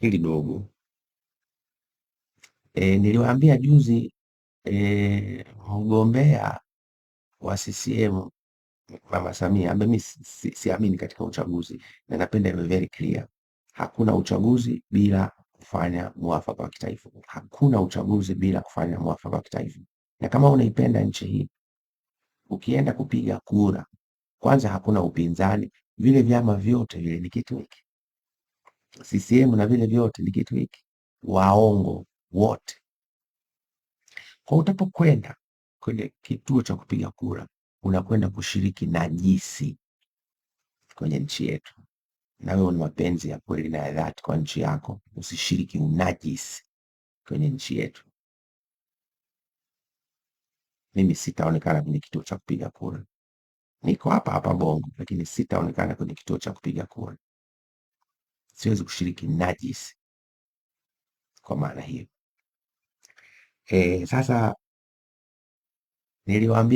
hili dogo e, niliwaambia juzi e, mgombea wa CCM Mama Samia ambaye mimi siamini si, si katika uchaguzi na napenda iwe very clear, hakuna uchaguzi bila kufanya mwafaka wa kitaifa. Hakuna uchaguzi bila kufanya mwafaka wa kitaifa. Na kama unaipenda nchi hii, ukienda kupiga kura, kwanza hakuna upinzani, vile vyama vyote vile ni kitu hiki CCM na vile vyote ni kitu hiki, waongo wote. Kwa utapokwenda kwenye kituo cha kupiga kura, unakwenda kushiriki najisi kwenye nchi yetu. na wewe ni mapenzi ya kweli na ya dhati kwa nchi yako, usishiriki unajisi kwenye nchi yetu. Mimi sitaonekana kwenye kituo cha kupiga kura. Niko hapa hapa Bongo, lakini sitaonekana kwenye kituo cha kupiga kura siwezi kushiriki najisi kwa maana hiyo. E, sasa niliwaambia